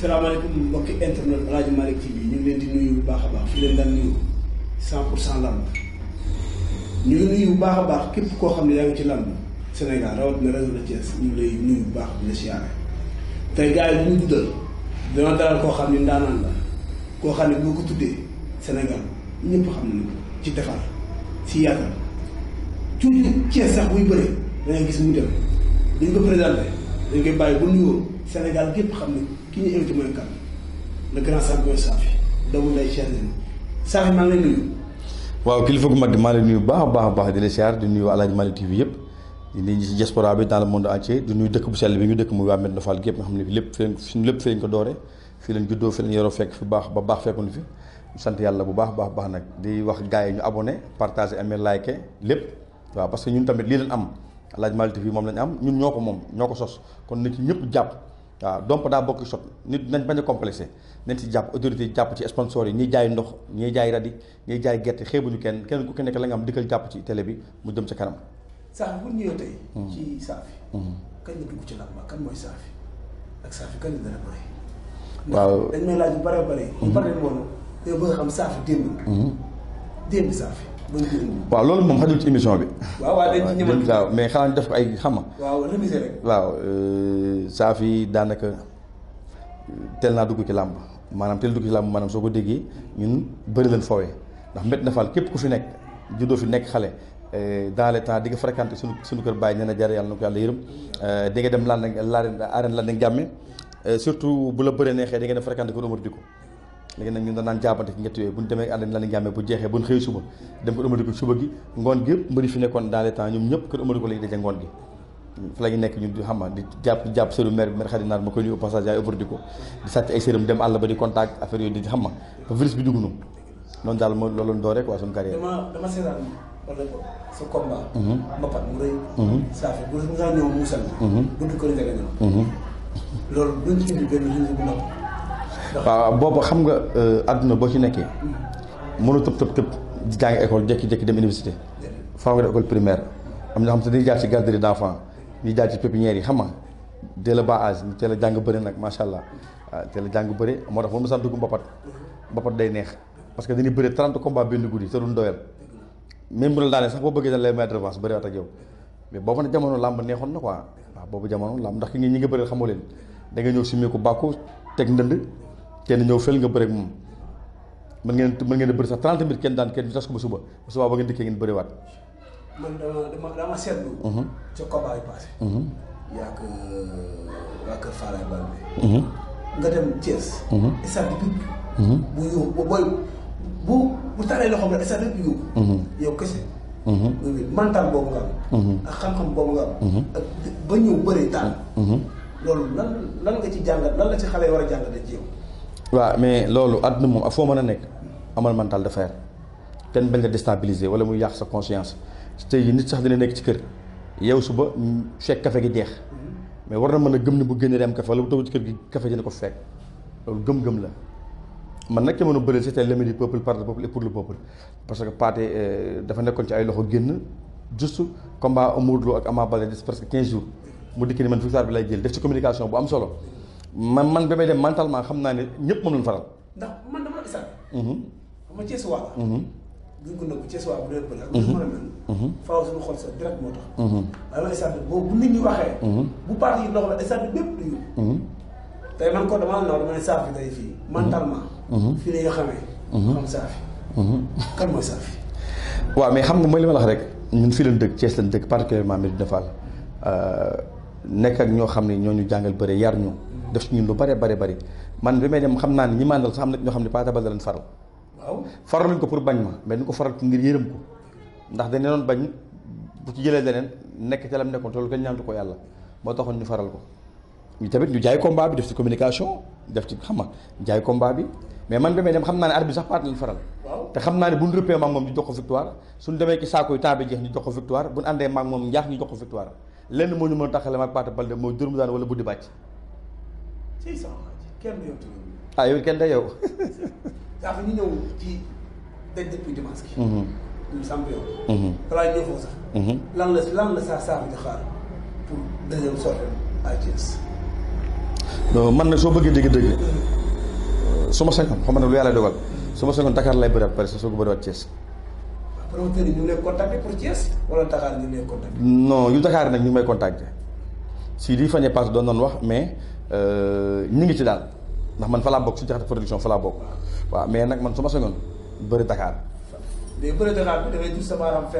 salaamaaleykum mbokki internet El Hadj Malick ñu ngi leen di nuyu bu baax a baax fi leen daan nuyu 100 pour cent lamb ñu ngi nuyu bu baax a baax képp koo xam ne yaa ci lamb Sénégal rawatina région de Thiès ñu ngi lay bu baax di la siyaare tey gars yi bu duddal dana dalal koo xam ne ndaanaan la koo xam ne boo ko tuddee Sénégal ñëpp xam nañu ci defar si yaatal toujours Thiès sax buy bëre da ngay gis mu dem dañ ko présenté dañ koy bàyyi ba nuyoo Sénégal gépp xam ne ki ñu invité mooy kan le grand champion Safi doomu nday Cheikh Ndeye Safi maa ngi lay nuyu. waaw kilifa gu mag maa ngi nuyu baax baax baax di la siyaar di nuyu Aladji Malick TV yëpp di nuyu ci diaspora bi dans le monde entier di bu sell bi ñu dëkk muy waa Medina Fall gi xam ne lépp fi leen lépp fi leen ko doore fi leen juddoo fekk fi baax ba baax fekkuñu fi sant yàlla bu baax baax baax nag di wax gars yi ñu abonné partagé amee like lépp waaw parce que ñun tamit lii leen am Aladji Malick TV moom lañ am ñun ñoo ko moom ñoo ko sos kon nit ñëpp jàpp waaw donc daa bokk sot nit nañ bañ a complexé nañ ci jàpp autorité jàpp ci sponsor yi ñuy jaay ndox ñuy jaay radi ñiy jaay gerte xeebuñu kenn kenn ku nekk la nga am dikkal jàpp ci télé bi mu jëm ca kanam. saafi bu ñëwee tey. Hmm. ci saafi. Hmm. kañ la dugg ci làmba kan mooy saafi ak saafi kan la gën a bëri. waaw dañ may laaj bu bëree bëri. bu bëree hmm. woon nga bëgg xam saafi démb. démb saafi. waaw loolu moom xajul ci émission bi. waaw waaw dañ ci ñëwal waaw mais xanaa def ko ay xama waaw remisé waaw euh, saa daanaka euh, teel naa dugg ci làmb maanaam teel dugg ci làmb maanaam soo ko déggee ñun bëri leen foowee ndax mbét na faal képp ku fi nekk juddoo fi nekk xale. Euh, dans les temps di nga fréquenté suñu suñu kër bàyyi ñeneen jar yàlla na ko yàlla yërëm di nga dem laan arène laan jàmme surtout bu la bëree neexee di nga dem fréquenté ko Omar Diko léegi nag ñun da naan jaabante ci ñett yooyu bu ñu demee àll la lañ jàmmee bu jeexee bu ñu xëy suba dem ko ëmadi suba gi ngoon gi yëpp mbëri fi nekkoon dans temps ñoom ñëpp kër ëmadi lañu nekk ñun di xam di jàpp jàpp sëru maire bi maire xadinaar ma koy nuyu au passage yaay ëppar di ko di sàcc ay sëram dem àll ba di contact affaire yooyu di xam ma ba virus bi dugg nu noonu daal moo loolu dooree quoi suñu carrière sa combat mhm. waaw boobu xam nga euh, àdduna boo ci nekkee mënu tëb tëb tëb di jàngi école jékki-jékki dem université faaw nga def école primaire am na xam te dañuy jaar ci garderie d'enfant ñuy jaar ci pépinière yi xam nga dès le ba âge ñu teel a jàng bëre nag macha allah teel jàng bëre moo tax moom sax dugg mbapat mbapat day neex parce que dañuy bëre 30 combats benn guddi te duñ doyal même bu la daanee sax boo bëggee dañ lay mettre revanche bëriwaat ak yow mais boobu jamono làmb neexoon na quoi waaw boobu jamono ndax ki ñi nga bëreel xamoo leen da nga ñëw si meeku bàkku teg ndënd kenn ñëw fel nga bëre ak moom mën ngeen mën ngeen di bëri sax 30 minutes kenn daan kenn du tas ko ba suba ba suba ba ngeen dikkee ngeen bëriwaat. man dama dama dama seetlu. Mhm. ca combat yi passé. Mhm. yaa ngi waa kër mhm. nga dem Thiès. stade bi yëpp. bu yóbbu booy bu bu taalee loxoom rek stade bi yóbbu. yow kese. loolu boobu nga ak xam-xam boobu nga ak ba ñëw bëree taal. loolu lan lan nga ci jàngat lan la ci xale yi war a jàngatee ci yow. waaw mais loolu àdduna moom ak foo mën a nekk amal mental de fer kenn bañ la déstabiliser wala muy yàq sa conscience tey nit sax dina nekk ci kër yow suba fekk kafe gi jeex mais war na mën a gëm ne bu génnee dem kafe wala bu toog ci kër gi kafe dina ko fekk loolu gëm-gëm la man nag ki mën a bëri c'était l'ennemi du peuple pour le peuple parce que Pathé euh, dafa nekkoon ci ay loxo génn juste combat Modou Lo ak Ama Baldé des presque 15 jours mu dikk ni man victoire bi lay jël def ci communication bu am solo man man ba may dem mentalement xam naa ne ñëpp moom lañu faral. ndax man dama la ma Cees waa la. Mhm. bu ñu ko nëbbu Cees bu dee bëri ak. lu mën a mel. Mhm. faaw suñu xol mhm. sa xam saafi. ma la wax rek ñun fii lañ dëkk Cees lañ dëkk particulièrement Medina Fall euh, nekk ak ñoo xam ne ñoo ñu jàngal bëre yar ñu. def si ñun lu bare bare bari man bi may dem xam naa ne ñi ma àndal sax am na ñoo xam ne Pathé Baldé lañ faral. waaw faral ma mais duñ ko faral ngir yërëm ko ndax dañ doon bañ bu ci jëlee leneen nekk ca la mu nekkoon te loolu kenn ko yàlla moo taxoon ñu faral ko. ñu tamit jaay combat bi def ci communication def ci xam nga jaay combat bi mais man naa ne arbitre sax Pathé lañ faral. te xam naa ne moo ñu a taxale maag Pathé Baldé daan wala buddi bàcc si sama xaaj kenn ah yow kenn day yow. Mhm. Mhm. Mhm. lan la lan la saa saa di xaar pour deuxième sortie man nag soo bëggee dëgg-dëgg euh, su ma sañoon xam nga lu yàlla dogal su ma sañoon Dakar lay bëriwaat pare soo ko bëriwaat Thiès. Ah, promoteurs yi ñu ngi lay contacter pour Thiès wala Dakar ñu ngi lay contacter. non nag ñu may contacter. si lii fañe pass doon doon wax mais ñu euh, ngi ci daal ndax man fa laa bokk si jaxate production falaa laa bokk waaw mais nag man su ma soñoon bëri Dakar. bëri Dakar bi dafay gis sa waaw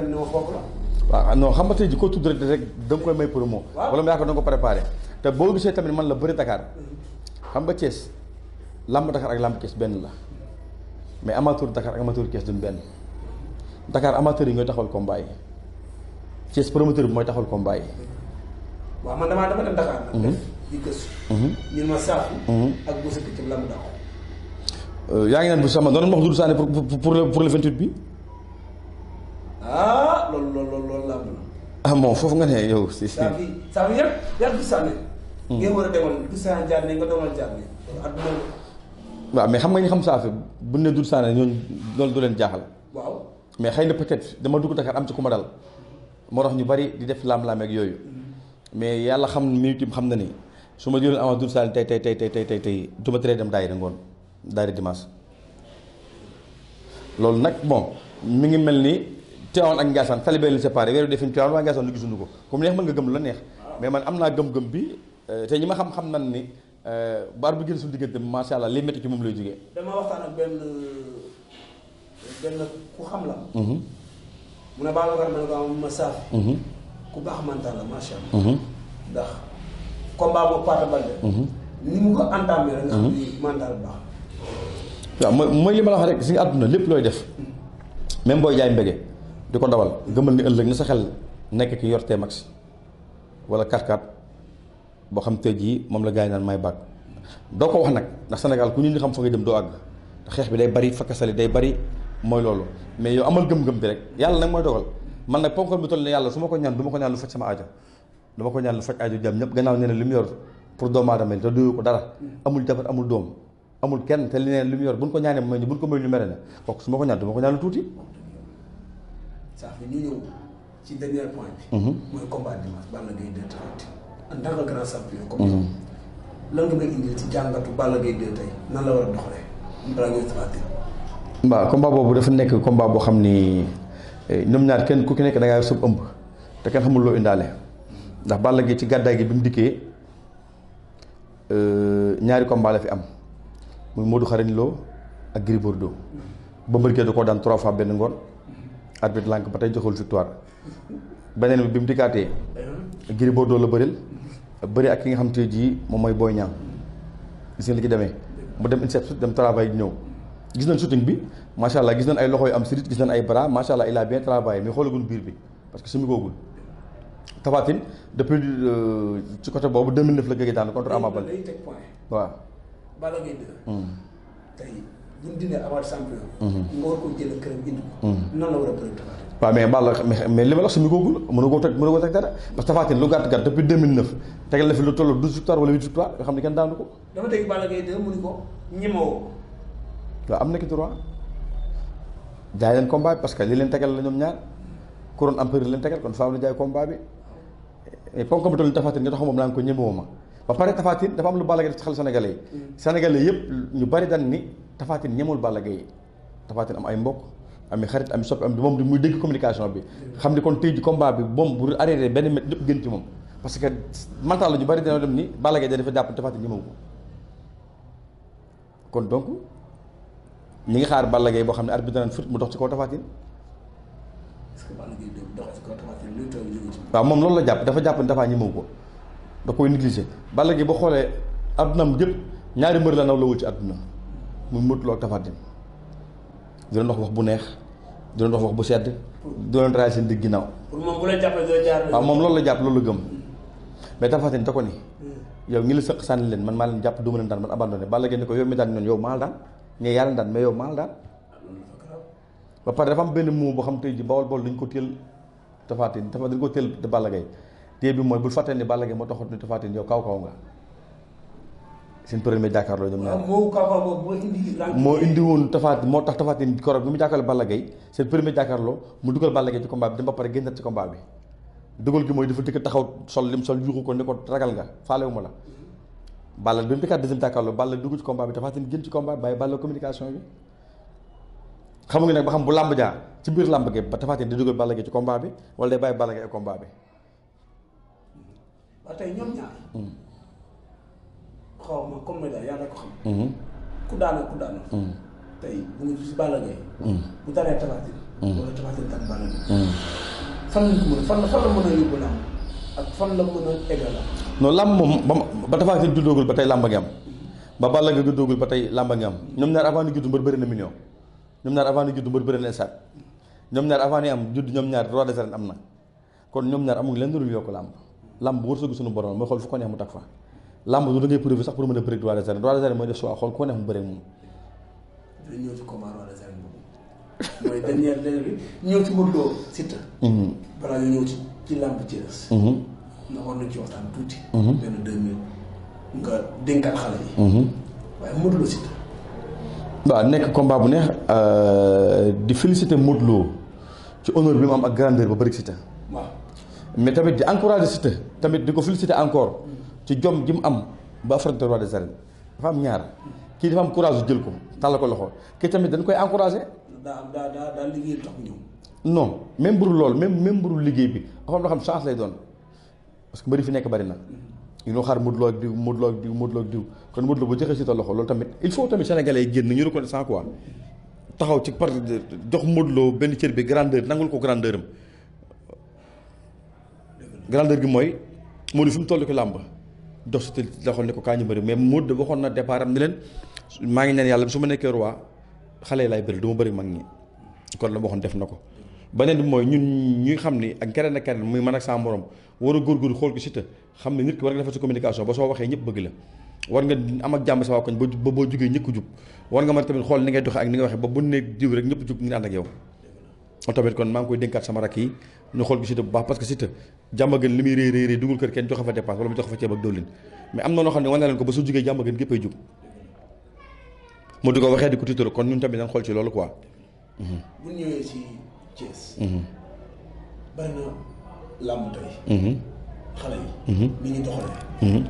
non xam nga te ji koo tudd rek rek da nga koy may promo. waaw wala mu yaakaar da nga ko préparé. te boo gisee tamit man la bëri Dakar mm-hmm. xam nga Thiès lamb Dakar ak lamb Thiès benn la mais amateur Dakar ak amateur Thiès duñ benn Dakar amateur yi ñooy taxawal combat yi Thiès promoteur bi mooy taxul combat waaw man damaa dama dem Dakar mhm. mhm. sa mhm. la euh, yaa ngi naan bu sama doon wax Doudou Sané pour pour le pour bi. Ah, loolu loolu loolu loolu laa ah foofu nga ne yow. si si saafi saafi yëpp yàgg Doudou Sané. a demal nga demal jaar mais xam nga ñu xam saafi bu ne Doudou Sané ñooñu loolu du leen jaaxal. waaw mais xëy na peut-être dama dugg Dakar am ci ku ma dal moo tax ñu bari di def laam-laam yooyu. mais yàlla xam minute xam na ni su ma jëloon avance Doudou Sané tey tey tey tey tey tey du ma teree dem daayira ngoon daayira dimanche loolu nag bon mi ngi mel ni Tivaouane ak Ndiassane tali bee leen séparé weeru defin Tivaouane waa Ndiassane lu gisuñu ko comme neex mën nga gëm la neex mais man am naa gëm-gëm bi euh, te ñi ma xam-xam nan ni euh, baar bu génn suñu diggante macha allah li métti ci moom lay jógee. dama waxtaan ak benn benn ku xam la. Mhm. mu ne Babacar ma ne ko ma saaf. Mhm. ku baax mental la macha allah. mooy mhm. mooy mhm. mhm. ma la rek si àdduna lépp looy def même booy jaay mbége di ko dawal gëmal ni ëllëg na sa xel nekk ki yor T-Max wala 4x4 boo xam tey jii moom la gars yi naan may bàgg doo ko wax nag ndax Sénégal ku ñu ni xam fa nga dem doo àgg xeex bi day bari fakkasali day bari mooy loolu mais yow amal gëm-gëm bi rek yàlla nag mooy dogal. man nag ponkal bi toll ne yàlla su ma ko ñaan du ma ko ñaan lu faj sama aajo dama ko ñaan lu faj aajo jàmm ñëpp gannaaw nee na li mu yor pour doomu aadama te duyu ko dara amul jabar amul doom amul kenn te li neen li mu yor buñ ko ñaanee may ni buñ ko may ñu mere na ko ñaan du ma ko ñaan lu tuuti saa fi ñu mhm. mooy combat dimanche Balla Gaye 2 en tant que grand champion comme mhm. tey nan la war a doxalee balaa ngay waaw boobu dafa nekk combat boo xam ni Eh, ñoom ñaar kenn ku ki nekk da ngaa yor sa ëmb te kenn xamul loo indaale ndax Balla Gaye ci gàddaay gi bi mu dikkee eh, ñaari combat la fi am muy Modou Xarañ Lo ak Gris Bordeaux Bombardier da koo daan trois benn ngoon arbitre lànk ba tey joxul victoire beneen bi bi mu dikkaatee Gris la bëril bëri ak ki nga xam te ji moom mooy booy Niang gis nga li ci demee mu dem INSEP dem travail ñëw. gis nañ shooting bi macha allah gis nañ ay loxo yu am sirit gis nañ ay bras macha allah il a bien travaillé mais xoolagul biir bi parce que su mu googul Tapha Tine depuis euh, ci côté boobu 2009 la gëgee daanu hmm. hmm. ko jël këram indi hmm. la war a bëri Tapha Tine. waaw mais li ma la wax su mu googul mënu koo teg mënu koo teg dara parce que Tapha lu gàtt gàtt depuis 2009 tegal na fi lu toll 12 victoire wala 8 victoire yoo xam ne kenn daanu ko. dafa teg Balla Gaye 2 mu ni ko ñemewoo. waa am na ki droit jaay leen combat bi parce que li leen tegal la ñoom ñaar couronne empereur leen tegal kon faaw la jaay combat bi mais ponk bi toll tafatin nga taxaw moom naa ko ñemewu ma ba pare tafatin dafa am lu Balla Gaye def ci xel sénégalais yi mm. sénégalais yëpp ñu bari dan ni tafatin ñemul Balla Gaye tafatin am ay mbokk ami xarit ami soppi am moom di muy dégg communication bi mm. xam ne kon tey ji combat bi moom bu arrêté benn mét ñëpp moom parce que mental la ñu bari dañoo dem ni Balla Gaye dafa jàpp tafatin ñemewu ko kon ñi ngi xaar Balla boo xam ne arbitre naan fut mu dox ci kaw Tapha waaw moom loolu la jàpp dafa jàpp ne dafaa ñemewu ko da koy négligé Balla Gaye boo xoolee addunaam jëpp ñaari mbër la naw la wul ci adduna muy Modou Lo ak Tapha Tine di leen wax bu neex di leen wax wax bu sedd di leen raay seen digg ginnaaw waaw moom loolu la jàpp loolu la gëm hmm. mais Tapha Tine da ko ni hmm. yow ngi la sëq sànni leen man maa leen jàpp duma leen daan man abandonné Balla Gaye ni ko ñee yàlla daan mais yow maal daan ba pare dafa am benn mot boo xam tey ji bawol bawol dañ ko téel Tapha Tine dafa dañ ko téel Balla Gaye téye bi mooy bul fàttee ni Balla Gaye moo taxoon ni Tapha Tine yow kaw kaw nga seen premier jàkkaarloo ñoom ñaar moo indi woon Tapha Tine moo tax Tapha Tine koroog bi mu jàkkaarloo Balla Gaye seen premier jàkkaarloo mu dugal Balla Gaye ci combat bi dem ba pare génnaat ci combat bi dugal gi mooy dafa dëkk taxaw sol lim sol yuuxu ko ni ko ragal nga faalewu ma la Balla bi mu piquant deuxième tàkkaarloo Balla dugg ci combat bi Tapha Tine ci combat bi bàyyi Balla communication bi xamuñu nag ba xam bu làmb jaar ci biir làmb gi ba Tapha Tine di dugal Balla gi ci combat bi wala day bàyyi Balla gi ak combat bi. ba tey tam hmm. hmm. hmm. Balla Gaye. fan la fan la mën a yóbbu làmb. ak fan la mën a eggala non làmb moom ba ba Tapha Tine juddoogul ba tey làmb ngi am ba Balla Gaye juddoogul ba tey làmb ngi am ñoom ñaar avant ñu juddu mbër bëri na million ñoom ñaar avant ñu juddu mbër bëri na esaat ñoom ñaar avant ñu am judd ñoom ñaar roi des arènes am na kon ñoom ñaar amuñu leen lu yokk làmb làmb wërsëgu suñu borom mooy xool fu ko neex mu tag fa làmb du da ngay prouvé sax pour mën a bëri roi des arènes roi mooy def choix xool ko neex mu bëri moom ñëw ci làmb Thiès. Mhm. nga war ci waxtaan tuuti. Mhm. benn xale yi. Mhm. waaye Modou Lo Siteu. nekk combat bu neex euh, di féliciter Modou ci honneur bi mu am ak grandeur ba bëri Siteu. mais tamit di encourager Siteu tamit di ko féliciter encore mm. ci jom ji mu am ba affronter de des arènes dafa am ñaar kii dafa am courage jël ko tàll ko loxo kii tamit dañ koy encourager. daa daa daa liggéey tax ñëw. non même buru loolu même même buru liggéey bi dafa am loo xam chance lay doon parce que mbëri fi nekk bari na yu noo xaar Modou Lo ak diw Modou Lo ak diw Modou Lo ak diw kon Modou Lo bu joxee si ta loxo loolu tamit il faut tamit sénégalais yi génn ñu reconnaissant quoi taxaw ci par jox Modou Lo benn cër bi grandeur nangul ko grandeur am mooy Modou fi mu toll ko làmb dox si ne ko kaa ñu bëri mais Modou waxoon na départ ni leen maa ngi neen yàlla su ma nekkee roi xale yi lay bëri du bari bëri mag ñi kon la ma def na ko beneen bi mooy ñun ñuy xam ni ak keneen ak keneen muy man ak sa morom war a góorgóorlu xool ko Siteu xam ne nit ki war nga defar sa communication ba soo waxee ñëpp bëgg la war nga boo jógee war nga mën tamit xool ni ngay doxee ak ni nga waxee ba bu on tamit kon ñu xool ko Siteu bu baax parce que Siteu jàmm gën li muy réy réy réy dugul kër ne wane leen ko di ko waxee di kon ñun tamit dañ xool ci loolu quoi mm-hmm. Thiès. Mhm. Mhm. Mhm.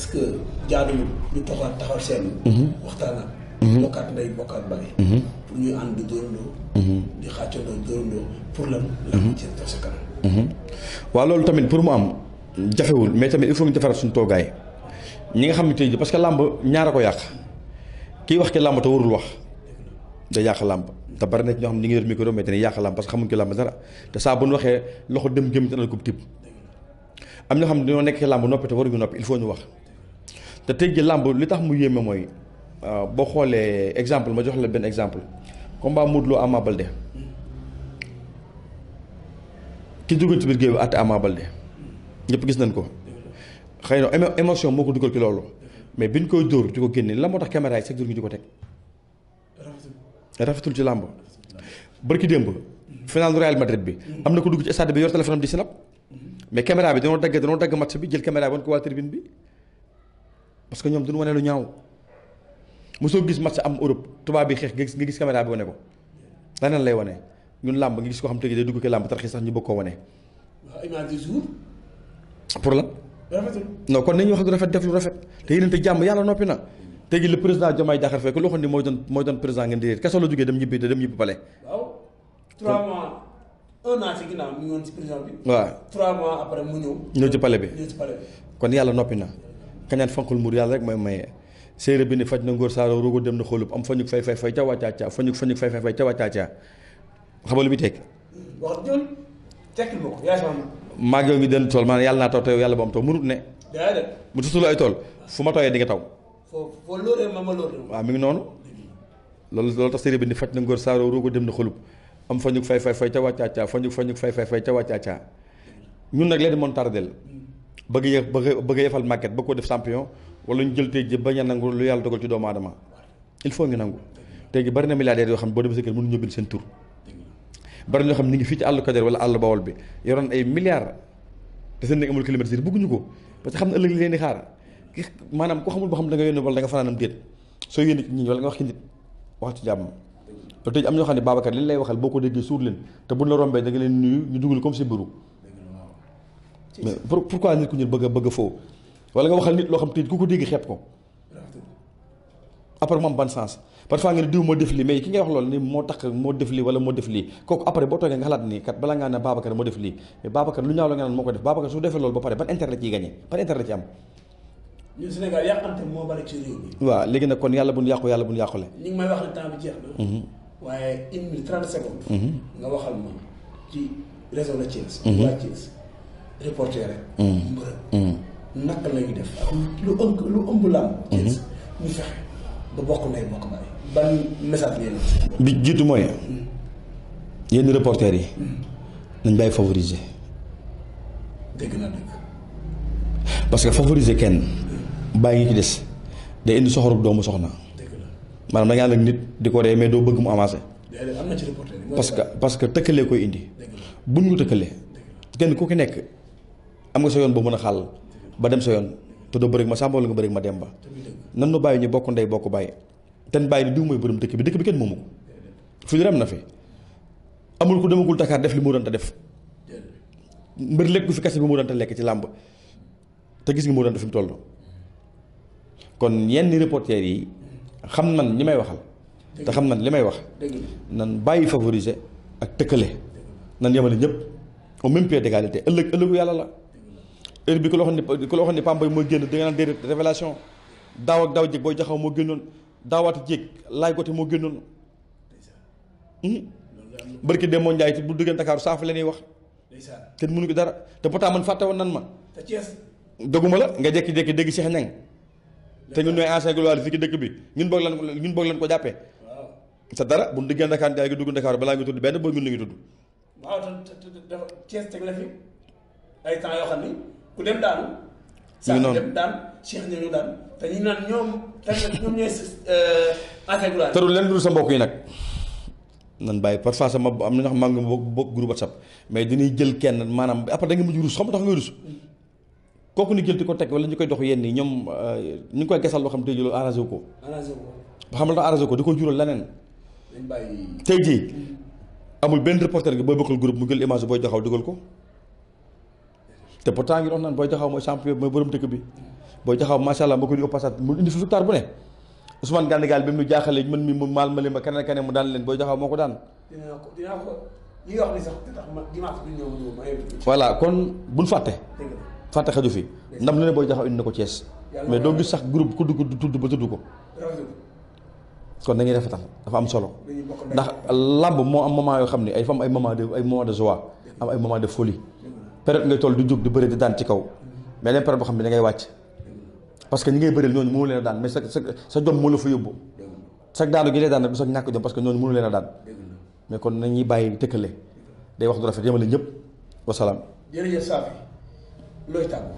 ce que jaaduñu ñu taxaw taxaw seen. waxtaan ak. bokkaat ndey pour ñuy loolu tamit pour mu am jafewul mais tamit il faut ñu defaraat suñu toogaay ñi nga xam ni tey jii parce que làmb ñaara ko yàq kii wax ki làmb te warul wax. da yàq làmb te bari na ci ñoo xam ni ñu ngi yor micro yàq làmb parce que xamuñ ci làmb saa bu ñu waxee loxo dem gëm te na ko tibb am ñoo xam dañoo nekk ci làmb noppi te waruñu noppi il faut ñu wax te tey ji làmb li tax mu yéeme mooy euh, boo xoolee exemple ma jox la exemple combat Modou Lo Ama Baldé ki duggoon ci biir géew ñëpp gis nañ ko xëy na émotion moo ko dugal ci loolu mais biñ koy dóor di ko génne la moo tax caméra yi chaque jour di ko teg rafetul ci làmb bërki démb final Real Madrid bi am na ko dugg ci stade bi yor téléphone am di sinap mais caméra bi danoo dagg danoo dagg match bi jël caméra bi wan ko waa tribune bi parce que ñoom duñu wane lu ñaaw mosoo gis match am Europe tubaab bi xeex nga gis caméra bi ko leneen lay wane ñun làmb nga gis ko xam te ne day dugg ke làmb tarxi sax ñu bëgg koo wane. waaw pour la. rafetul non kon nañu wax lu rafet def lu rafet te yéenante jàmm yàlla noppi na. léegi le président Diomaye Diakhar Faye ku loo xam ne mooy doon mooy doon président ngeen di réer kaso la jógee dem ñibbi dem ñibbi pale. waaw 3 mois 1 an ci ginnaaw mi ngi woon ci président bi. ñëw. ñëw pale bi kon yàlla noppi na kañaan fankul mur yàlla rek mooy maye séeréer bi ni faj na ngóor saaro roogo dem na xoolub am fañu fay fay fay ca wàccaaca fañu fañu fay fay fay ca wàccaaca xabalu bi teg. wax jël ma ko yaa sama. maa ngi yow tool maanaam yàlla naa taw te yàlla ba am taw mënut ne. mu tutul ay tool fu ma tooyee di taw foo foo ma ma lóoree waaw mi ngi noonu loolu loolu tax sëriñ bi ni faj na ngóor saaroo roogo dem na xolub am fa ñu fay fay fay ca wàccaacaa fa ñu fa ñu fay fay fay ca wàccaacaa ñun nag leen moon tardel bëgg yë bëgg yefal màgget bëgg ko def champion wala ñu jël tey ji bañ a nangu lu yàlla dogal ci doomu adama il faut ñu nangu te gi bari na milliardaires yoo xam ne boo demee sa kër mënu ñëbbil seen tur bari na xam ñu ngi fii ci àll Kajoor wala àll Bawol bi yoroon ay milliards te seen nekk amul kilomètre ko parce que xam di xaar ki maanaam ko xamul ba xam da nga yónni wala da nga fanaanam déet nit wax ci nit wax ci jàmm am ñoo xam ne Babacar li lay waxal boo ko déggee suur leen te buñ la rombee da leen nuyu ñu dugal comme si mbiru mais a a nga loo xam te ku ko dégg xeeb ko après moom ban sens parfois nga ne diw moo def lii mais ki ngay wax loolu ni moo tax moo def lii wala moo def lii kooku après boo toogee nga xalaat nii kat balaa ngaa ne Babacar moo def lii mais lu ñaaw nga naan moo ko def Babacar su defee loolu ba pare ban intérêt la ciy ban intérêt la am ñun Sénégal yàqante moo bari ci réew mi. waaw léegi nag kon yàlla bu ñu yàqu yàlla bu ñu yàqule. ñu ngi may wax ne temps bi jeex mhm. waaye une minute mhm. nga waxal ma ci réseau de Thiès. Mhm. waa Thiès reporter rek. mbërëb. la ñuy def ak lu ëmb lu ëmb lam Thiès ba bokk ndey bokk baay. ban message ngeen bi jiitu mooy yenn reporter yi. nañ bàyyi favoriser. dëgg na dëgg. parce que favoriser kenn. bàyyi ngi ci des day indi soxorub doomu soxna. maanaam da nga ànd nit di ko ree mais doo bëgg mu avancé. parce que parce que tëkkalee koy indi. buñ ko tëkkalee. kenn ku ki nekk am nga sa yoon boo mën a xàll ba dem sa yoon te doo bëri ma sàmba wala nga bëri ma dem ba. nan nu bàyyi ñu bokk ndey bokk bàyyi. ten bàyyi ni diw mooy borom dëkk bi dëkk bi kenn moomu ko. fi ñu rem na fi amul ko demagul Dakar def li mu doon def. mbër lekk fi kase bi mu doon lekk ci làmb te moo doon fi mu toll. kon yenn reporter yi xam nan li may waxal te xam nan li may wax nan bàyyi favoriser ak tëkkale nan yemale ñëpp au même pied d'égalité ëllëg ëllëgu yàlla la heure bi ku la waxoon ni ku la waxoon ni Pambay moo génn da nga naan déedéet daaw ak daaw jéeg booy jaxaw moo génnoon daawaati jéeg laay gote moo génnoon hmm? barki de moo njaay ci bu duggeen Dakar saaf la ñuy wax kenn mënu ko dara te pourtant man fàtte woon nan ma doguma la nga jékki-jékki dégg Cheikh Niang te ñun ñooy ancien gloire fii ci dëkk bi ñun boog lan ñun boog lan ko sa dara bu diggee Dakar gaa dugg Dakar balaa ngi tudd benn boo ñun la ngi tudd waaw dafa Thiès teg na fi ay temps yoo xam te ñu naan ñoom tamit ñoom ñooy euh, ancien mbokk yi nag nan bàyyi parfois sama am na nga xam maa ngi bokk groupe WhatsApp mais dañuy jël kenn maanaam après da nga mujj rus xam tax nga rus kooku ni jël di ko teg wala ñu koy dox yenn nii ñoom euh, ñu koy gasal loo xam tey jii loolu arrangé wu ko. arrangé xam la tax arrangé ko di ko jural leneen. dañ bàyyi tey jii amul benn reporter gi boo bokkal groupe mu jël image booy jaxaw dugal ko te pourtant ngi dox naan booy jaxaw mooy champion mooy borom dëkk bi booy jaxaw macha allah ma ko nuyu au mu indi bu ne Ousmane Gandigal bi mu jaaxalee man mi mu maal ma leen ma keneen keneen mu daan leen booy jaxaw moo ko daan. dinaa ko dinaa ko li ma dimanche bi ñëw ñëw voilà kon buñ fàtte. fàtte xaju fi ndam lu ne booy jaxaw indi na ko Thiès mais doo gis sax groupe ku tudd ba tudd ko kon dañuy rafetal dafa am solo ndax làmb moo am moment yoo xam ne ay fam ay moment de ay moment de joie am ay moment de folie période ngay toll di jóg di bëri di daan ci kaw mais leen période boo xam ne dangay ngay wàcc parce que ñi ngay bëril ñooñu mënu leen a daan mais sa sa sa jom moo la fa yóbbu sa daanu gi lay daan bi sa ñàkk jom parce que ñooñu mënu leen a daan mais kon nañuy wax du rafet yemale ñëpp wasalaam jërëjëf looy tàggu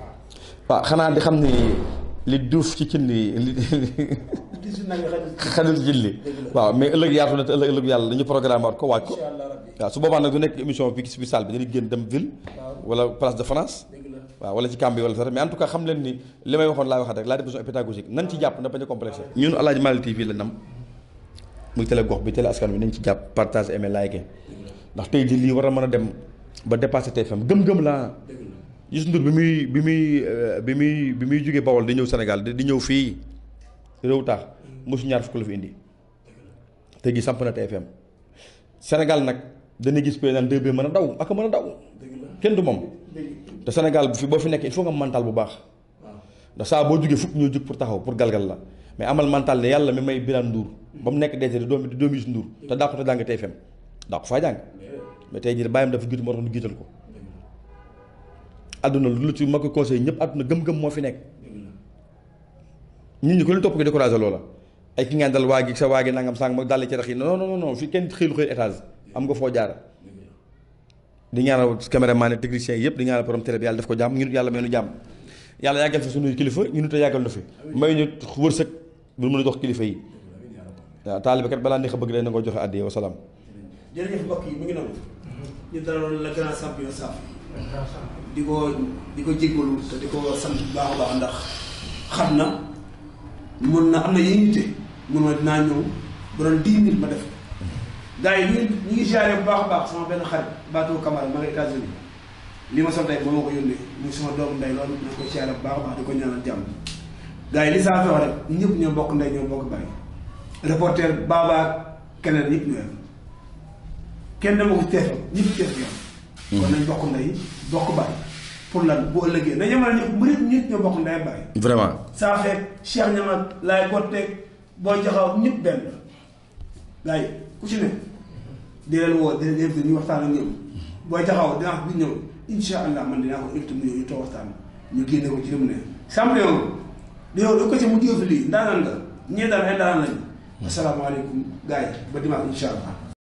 xanaa di xam ni li duuf ci cin li li xajul cin li waaw mais ëllëg yaatu na te ëllëg ëllëg yàlla dañu programme waat ko waaj ko waaw su boobaa nag du nekk émission bi ci biir salle bi dañuy génn dem ville wala de France waaw wala ci kamb yi wala sax mais en xam leen ni li may waxoon laay waxaat rek la déposition pédagogique nan ci jàpp na bañ a complexé ñun Aladji Malick TV la nam muy télé gox bi télé askan bi nañ ci jàpp partage aimé like ndax tey jii lii war a a dem ba dépassé TFM gëm-gëm laa Youssou Ndour bi muy bi muy euh, bi muy bi muy jógee Bawol di ñëw Sénégal di ñëw fii réew taax mosu ñaar fukk la fi indi te gi samp na TFM Sénégal nag dana gis président 2 a daw ak mën a daw kenn du moom te bu fi boo fi nekk il faut nga am bu baax ndax saa boo jógee fukk ñoo jóg pour taxaw pour galgal la mais amal mental ne yàlla mi may Birane Ndour ba mu nekk DG di doom di doomu Youssou Ndour te daa ko te jàng TFM daa ko faa jàng mais ko àdduna lu ci ma ko conseil ñëpp àdduna gëm-gëm moo fi nekk ñu ñi ko leen topp ko découragé loola ay ki nga dal waa gi sa waa gi nangam sàng ma dal ci rax yi non non non fii kenn xëylu xëy étage am nga foo jaar di ñaanal caméraman yi technicien yëpp di ñaanal borom télé bi yàlla def ko jàmm fi suñuy kilifa ñun te yàggal nu fi may ñu wërsëg bu mën a jox kilifa yi waaw taalibe kat balaa neex a bëgg noonu ñu dalaloon la grand champion di ko di ko jéggalu te di ko sant bu baax a baax ndax xam na mun na am na yéen nit mun ma dinaa ñëw bu doon dix mille ma def ko. gars yi ñu ngi ñu ngi jaaree bu baax a baax sama benn xarit Bato Camara ma nga états li ma sol tey ba ma ko yónnee muy sama bu baax a baax di ko ñaanal jàmm. gars li saa wax rek ñëpp ñoo bokk ndey ñoo bokk bàyyi. reporter Baba keneen ñëpp ñoo yem kenn dama ko teefam ñëpp teef yam kon nañ bokk ndey bokk baay pour lan bu ëllëgee na ñamal ñëpp murit ñëpp ñu bokk ndey baay vraiment saa fekk Cheikh ñamal laay gotteeg boo jaxaw ñëpp benn laay ku ci ne di leen woo di leen def ñu waxtaan a ñoom booy taxaw dinaa ñëw insha allah man dinaa ko invité mu ñëw ñu toog waxtaan ñu ko ci li mu ne. champion yow yow ko mu jóge fi lii ndaanaan nga ñee daan ay ndaanaan lañu. Hmm. asalaamaaleykum gars yi ba dimanche incha allah.